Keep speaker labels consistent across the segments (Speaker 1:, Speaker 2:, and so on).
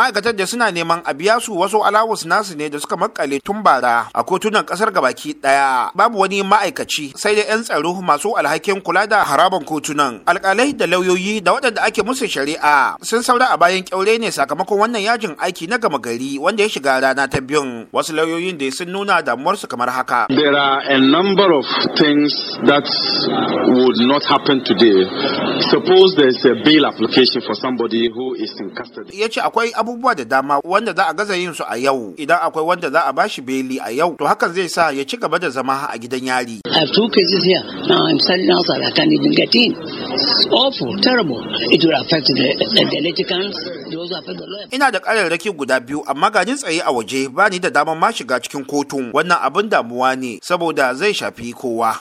Speaker 1: ma'aikatar da suna neman a biya su wasu alawus nasu ne da suka makale tun bara a kotunan kasar gabaki daya babu wani ma'aikaci sai da yan tsaro masu alhakin kula da haraban kotunan alkalai da lauyoyi da waɗanda ake musu shari'a sun saura a bayan kyaure ne sakamakon wannan yajin aiki na gama gari wanda ya shiga rana ta biyun wasu lauyoyin da sun nuna damuwarsu kamar haka there are a number of things that would not happen today suppose there is a bail application for somebody who is in custody yace akwai abu abubuwa da dama wanda za a gaza yin su a yau idan akwai wanda za a bashi beli a yau to hakan zai sa ya ci gaba da zama a gidan yari. I have two cases here. Now I'm selling awful, terrible. It will affect the, litigants. Ina da ƙararraki guda biyu amma ganin tsaye a waje ba ni da damar ma shiga cikin kotun wannan abin damuwa ne saboda zai shafi kowa.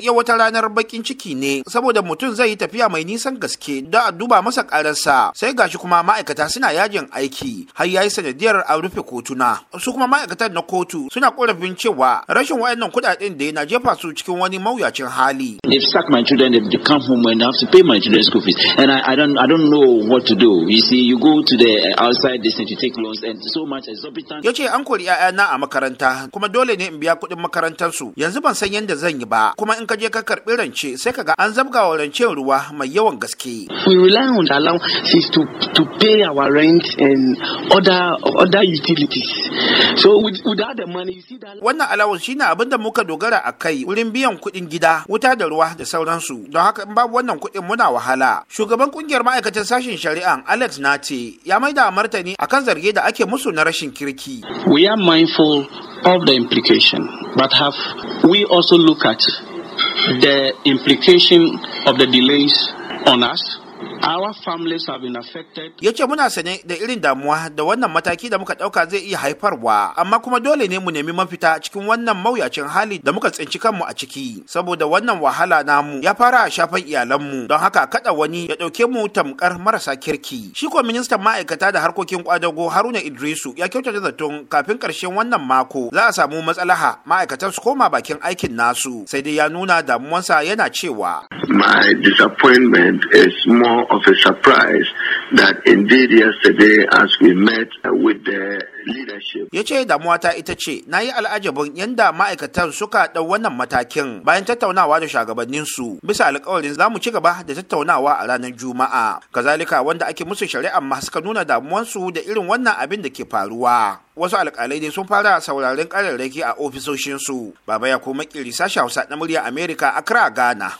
Speaker 1: Yau wata ranar bakin ciki ne saboda mutum zai yi tafiya mai nisan gaske don a duba masa ƙararsa sai gashi kuma ma'aikata suna yajin aiki har yayi sanadiyar a rufe kotuna. Su kuma ma'aikatan na kotu suna ƙorafin cewa rashin irin wayannan kudaden da na jefa su cikin wani mawuyacin hali If sacked my children they come home and I have to pay my children school fees and I, I don't I don't know what to do you see you go to the uh, outside this and you take loans and so much exorbitant yace an kori ƴaƴana a makaranta kuma dole ne in biya kuɗin makarantar su yanzu ban san yanda zan yi ba kuma in ka je ka karɓi rance sai ka ga an zabga wa rance ruwa mai yawan gaske we rely on allow fees to to pay our rent and other other utilities so without the money you see that wannan allowance na abin da muka dogara a kai wurin biyan kuɗin gida wuta da ruwa da sauransu don haka in babu wannan kuɗin muna wahala shugaban kungiyar ma'aikatan sashen shari'an alex nace ya maida martani akan zarge da ake musu na rashin kirki we are mindful of the implication but have we also look at the implication of the delays on us Ya ce muna sane da irin damuwa da wannan mataki da muka ɗauka zai iya haifarwa, amma kuma dole ne mu nemi mafita cikin wannan mawuyacin hali da muka tsinci kanmu a ciki, saboda wannan wahala namu ya fara a shafan iyalanmu, don haka kada wani ya ɗauke mu tamkar marasa kirki. Shi ko ministan ma'aikata da harkokin kwadago Haruna Idrisu ya kyautata zaton kafin karshen wannan mako za a samu matsalaha ma'aikatan su koma bakin aikin nasu, sai dai ya nuna damuwansa yana cewa. My disappointment is more of a surprise that indeed yesterday as we met with the leadership. Ya ce damuwa ita ce, na yi al'ajabin yadda ma'aikatan suka ɗau wannan matakin bayan tattaunawa da su bisa alkawarin za mu ci gaba da tattaunawa a ranar Juma'a. Kazalika wanda ake musu shari'a ma suka nuna damuwansu da irin wannan abin da ke faruwa. Wasu alkalai dai sun fara sauraren kararraki a ofisoshinsu. Baba ya kuma kiri sashen Hausa na murya Amerika kira Ghana.